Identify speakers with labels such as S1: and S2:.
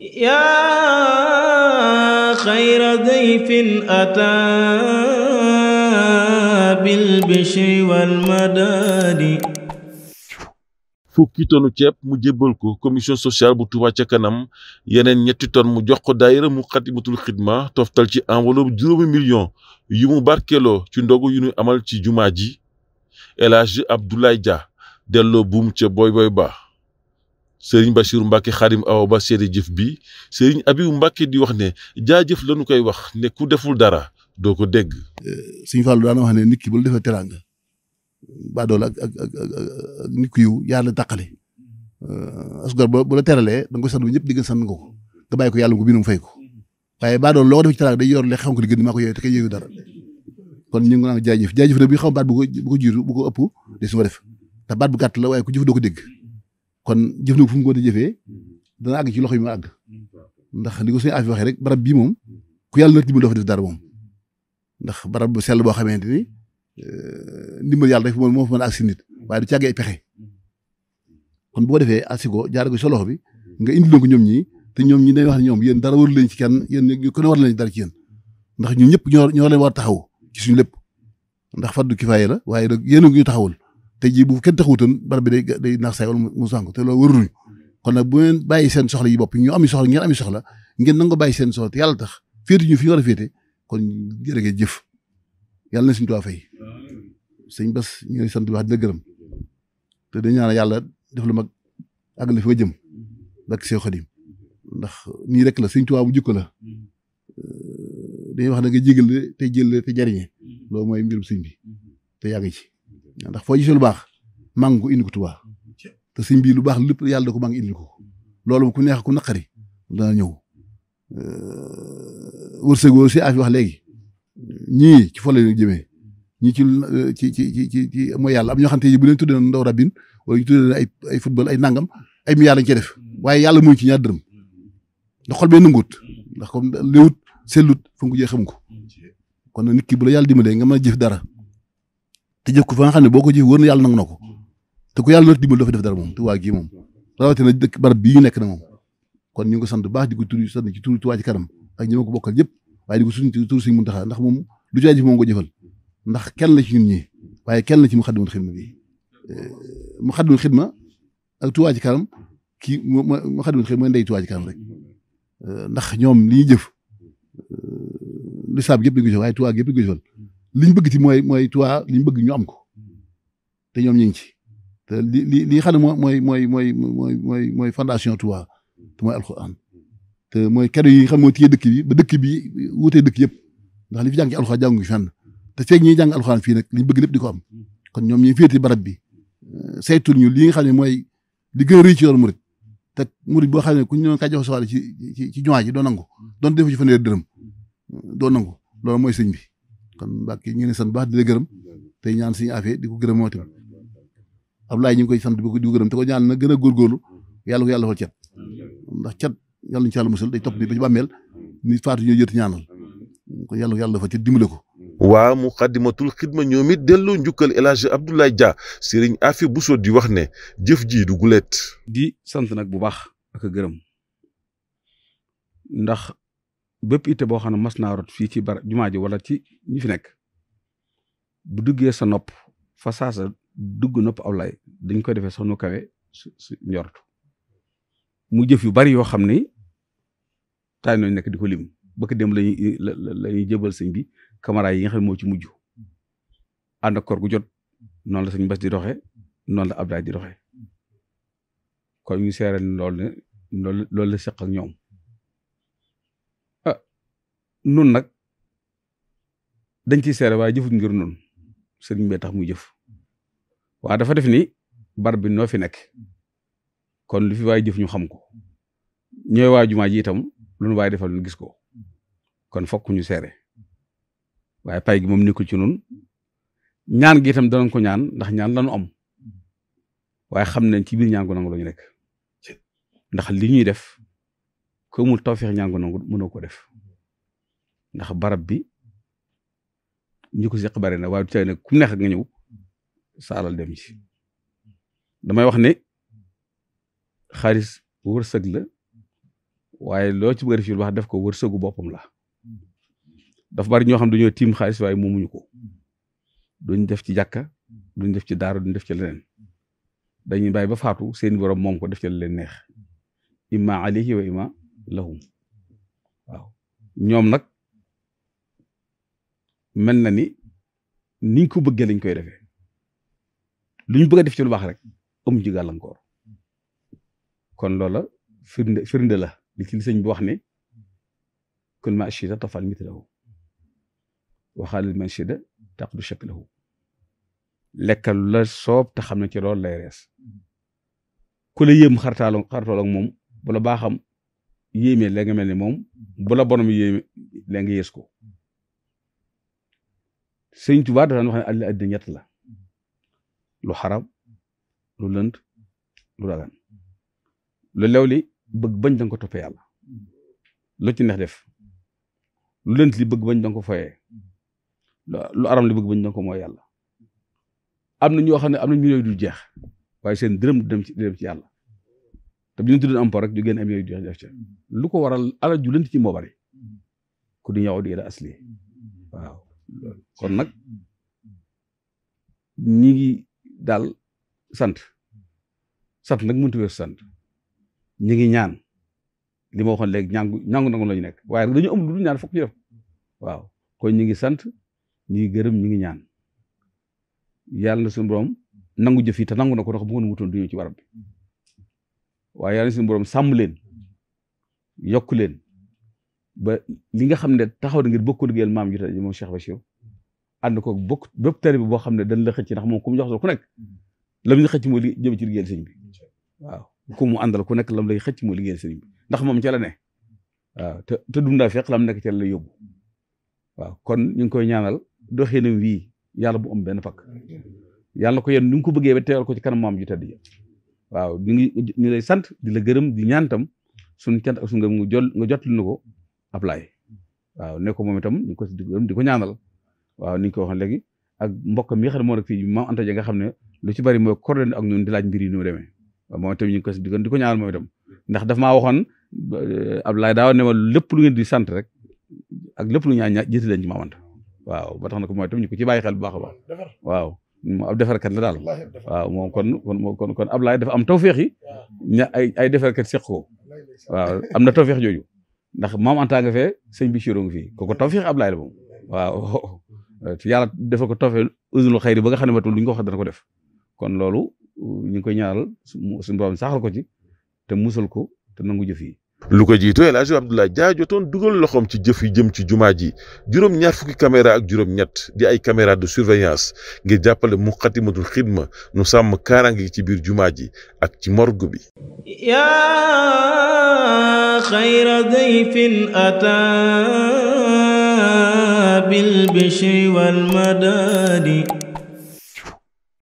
S1: yaa xayra dayfin ataa bil bishri wal madaadi
S2: fukki tonu ceeb mu jébbal ko commission sociale bu Touba ca kanam yeneen ñetti ton mu jox ko daayira mu xatimatul xidma toftal ci envolo juróomi million yu mu barkeeloo ci ndog yu ñu amal ci jumaa ji El Hadj Abdoulaye Dia delloo buum ca boy boy ba sëriñ Bachir Mbacke xaadim awa ba seede jëf bi abi Abibu Mbacke di wax ne jaajëf lañu koy wax ne ku deful dara doo ko
S3: dégg. Euh, sëriñ Fallou daana wax ne nit ki bu la defee teraanga baadool ak ak ak ak nit ku yiw yaa euh, la teralee da nga koy sant ba ñëpp di gën sant nga ko nga bàyyi ko yàlla ko binum fay ko waaye baadool loo ko defee ci teraanga day yor le xam ko di gën maa ko yooyu dara kon ñu ngi naan jaajëf jaajëf nag bi xaw baat bu ko bu ko bu ko ëpp su ma def te baat bu gàtt la waaye ku jëf doo ko dégg kon jëf na ko fu mu ko di jëfee mm-hmm. dana àgg ci loxo yi mu àgg mm-hmm. ndax ni ko suñu affaire waxee rek barab bii moom mm-hmm. ku yàlla nati bi doo fa def dara moom ndax barab bu sell boo xamante ni eh, ndimbal yàlla rek moom moo fa mën a àgg si nit waaye du càggee pexe kon bu ko defee àgg ko jaaree ko sa loxo bi nga indi ko ñoom ñii te ñoom ñi ne wax ne ñoom yéen dara warul leen ci kenn yéen ñu ko ne war leen dara ci yéen ndax ñun ñëpp ñoo ñoo leen war taxaw ci suñu lépp ndax fardu kifaaya la waaye nag yéen a taxawul te ji bu kenn taxawutoon barab bi day day naax saay wala mu sànq te loo waruñu kon nag bu ngeen bàyyi seen soxla yi bopp ñu ami soxla ngeen ami soxla ngeen nangu bàyyi seen soxla te yàlla tax féete ñu fi ñu war a féete kon jërë ngeen jëf yàlla na suñu tuwaa fay sëñ Bas ñu ngi sant bu baax di gërëm te dañu ñaan yàlla def lu mag àgg la fi nga jëm Xadim ndax nii rek la sëñ tuwaa bu jikko la dañuy wax na nga jégal te jël loo jariñe loolu mooy mbirum sëñ bi te yàgg ci ndax foo gisee lu baax màng ko indi ko Tuubaa te sëñ bi lu baax lépp yàlla da ko màng indi ko loolu ku neex ku naqari dana ñëw wërsëgoo si afi wax léegi ñii ci fa la ñii ci ci ci ci ci mooy yàlla am ñoo xam te bu leen tuddee ndaw rabin wala ñu tuddee ay ay football ay nangam ay milliards lañ cee def waaye yàlla mooy ci ñaar dërëm ndax xol bee nanguut ndax comme léwut sellut fu mu ko xam ko kon nag nit ki bu la yàlla dimbalee nga ma a jëf dara te jëf ko fa nga xam ne boo ko jëf wër na yàlla nangu na ko te ku yàlla na dimbal dafa def dara moom Tuubaa gii moom rawatina dëkk barab bi ñu nekk na moom kon ñu ngi sant bu baax di ko turi sant ci turi ti ci kanam ak ñi ma ko bokkal ñëpp waaye di ko suñ tur Sëriñ Muntaxa ndax moom du caa jëf moom ko jëfal ndax kenn la ci ñun ñi waaye kenn la ci Muxaddamatul Xidma bi eh, Muxaddamatul Xidma ak Tuubaa ci kanam kii Muxaddamatul Xidma mooy ndey Tuubaa ci kanam rek eh, ndax ñoom li ñuy jëf eh, lislaam yëpp di ko jëf yëpp di liñ bëgg ci mooy mooy Touba liñ bëgg ñu am ko hmm. te ñoom ñu ngi ci te li li li xam ne mooy mooy mooy mooy mooy mooy fondation Touba te mooy alxuraan hmm. te mooy kado yi nga xam mooy téye dëkk bi ba dëkk bi wute dëkk yëpp ndax li fi jàng ci alxuraan jàngu fenn te feeg ñiy jàng alxuraan fii nag liñ bëgg lépp di ko am hmm. kon ñoom ñuy féete barab bi eh, setul ñu li nga xam ne mooy li gën a rëy ci yoonu murit te murit boo xam ne ku ñu doon ka jox ci ci ci jumaa ji doo nangu doon defu ci fanweeri dërëm doo nangu loolu mooy sëñ bi kon Mbàkke ñu ngi sant baax di la gërëm tey ñaan suñu affaire di ko gërëm moo tamit Ablaye ñu ngi koy sant di ko gërëm te ko ñaan na gën a góorgóorlu yàlla ko yàlla fal cat ndax cat yàlla ñu ci yàlla musal day topp ni ba ci bàmmeel ni faatu ñoo jët ñaanal ko yàlla ko yàlla fal cat dimbale ko
S2: waa muqaddimatul xidma ñoom it delloo njukkal El Hadj Abdoulaye Dia sëriñ Afi
S1: Bousso di wax ne jëf ji du gulet di sant nag bu baax ak gërëm ndax bépp itte boo xam ne mas naa rot fii ci bar jumaa ji wala ci ñi fi nekk bu duggee sa nopp fa saasa dugg nopp aw dañ koy defee sax nu kawe su su njortu mu jëf yu bari yoo xam ni taay nooñu nekk di ko lim bëkk dem lañuy jëbal sëñ bi caméra yi nga moo ci mujj ànd ak koor gu jot noonu la sëñ Bass di doxe noonu la Abdoulaye di doxe kon ñu seeral loolu ne loolu loolu la seq ak ñoom nun nag dañ ci seere waaye jëfuñ ngir nun sëriñ bee tax muy jëf waaye dafa def ni barab bi noo fi nekk kon lu fi waaye jëf ñu xam ko ñooy waa jumaa ji itam lu waaye defal ñu gis ko kon fokk ñu seere waaye pay gi moom nikkul ci nun ñaan gi itam danañ ko ñaan ndax ñaan lañu am waaye xam nañ ci biir ñaan gu nangu la nekk ndax li ñuy def ko taw tawfeex ñaan gu nangu mënoo ko def ndax barab bi ñi ko seq bari na waaye du ne nag ku neex nga ñëw sa alal dem ci damay wax ne xaalis wërsëg la waaye loo ci bëgg a def yu wax def ko wërsëgu boppam la daf bari ñoo xam dañoo tiim xaalis waaye moomuñu ko duñ def ci jàkka duñ def ci daara duñ def ci leneen dañuy bàyyi ba faatu seen borom moom ko def ci la leen neex imma alayhi wa imma lahum waaw ñoom nag mel na ni niñ ko bëggee lañ koy defee lu ñu bëgg a def ci lu baax rek amu ci gàllankoor kon loola firnde firnde la li ci li sëñ bi wax ne kun ma ashida tafal mitlahu waxaalil man shida taqdu shaklahu lekkal la soob te xam ne ci lool lay rees ku la yéem xartaalo xartool moom bu la baaxam yéemee la nga mel ni moom bu la bonom yéeme la nga ko sëñ Tuubaa dafa daan wax ne addi ñett la lu xarab lu lënd lu dagan lu lew li bëg bañ danga ko toppee yàlla lu ci neex def lu lënt li bëgg bañ danga ko foyee lu aram li bëgg bañ danga ko mooy yàlla am na ñoo xam ne am na millions du jeex waaye seen dërëm du dem ci dem ci yàlla te bu ñu am po rek ñu génn am yooyu du jeex def ci lu ko waral alal ju lënt ci moo bari ku di ñëw di la asli kon nag ñi ngi daal sant sant nag mënut a weesu sant ñi ngi ñaan li ma waxoon léegi ñàngu ñàngu nangu la ñu nekk waaye dañu am lu dul ñaan fokk waaw kon ñi ngi sant ñi ngi gërëm ñi ngi ñaan yàlla na suñu borom nangu jëf yi nangu na ko tax bu ngeen wutoon du ci barab waa waaye yàlla na suñu borom sàmm leen yokk leen. ba li nga xam ne taxaw na ngir bokk liggéeyal maam ju tedd ji moom Cheikh Bachir ànd ko bokk bépp tari bi boo xam ne dañ la xëcc ndax moom ku mu jox ku nekk lam ñu xëcc mooy li jëm ci liggéeyal sëñ bi waaw ku mu àndal ku nekk lam lay xëcc mooy liggéeyal sëñ ndax moom ca la ne te te dundaa fekk lam nekk ca la yóbbu waaw kon ñu ngi koy ñaanal doxinam wii yàlla bu am benn fakk yàlla ko yéen ni nga ko bëggee ba ko ci kanam maam ju waaw ñu ngi ñu lay sant di la gërëm di ñaantam suñu cant ak suñu ngëm nga jot nga jotlu ko Ablaye waaw ne ko moom itam ñu ko si di ko ñaanal waaw ni ñu ko waxee léegi ak mbokk mi nga xam ne moo nekk fii maam Anta ja nga xam ne lu ci bari mooy coordonné ak ñun di laaj mbir yi nu mu demee waaw moom itam ñu ngi di ko ñaanal moom itam ndax daf maa waxoon eh, Ablaye daaw ne ma lépp lu ngeen di sant rek ak lépp lu ñaan ñaa jëti leen ci maam Anta waaw ba tax na ko moom itam ñu ko ci bàyyi xel bu baax a baax waaw ab defarkat la daal waaw moom kon kon kon Ablaye dafa am tawféex yi ña ay ay defarkat seq ko waaw am na tawféex jooju ndax maam Anta nga fee sëñ bi Chirou nga fii kooku fi Ablaye la moom waaw yàlla dafa ko tawfee usunul xayri ba nga xam ne matul lu ñu ko wax dana ko def kon loolu uh, ñu ngi koy ñaaral suñu borom saxal ko ci te musal ko te nangu jëf yi
S2: lu ko jiitu El Hadj Abdoulaye jaajotoon dugal loxoom ci jëf yi jëm ci jumaa ji juróom-ñaar fukki caméra ak juróom-ñett di ay caméra de surveillance ngir jàppale Muqaddimatul Xidma nu sàmm kaaraange gi ci biir jumaa ji ak ci morgue bi
S1: yaa xayra dayfin ataa bil bishri wal madadi